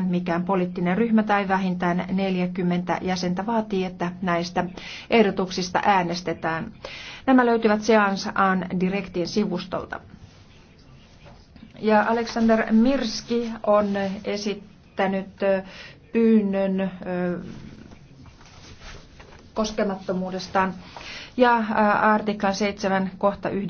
mitään, mikään poliittinen ryhmä tai vähintään 40 jäsentä vaatii, että näistä ehdotuksista äänestetään. Nämä löytyvät Seansaan direktin sivustolta. Ja Aleksander Mirski on esittänyt pyynnön koskemattomuudestaan ja artiklan 7 kohta 9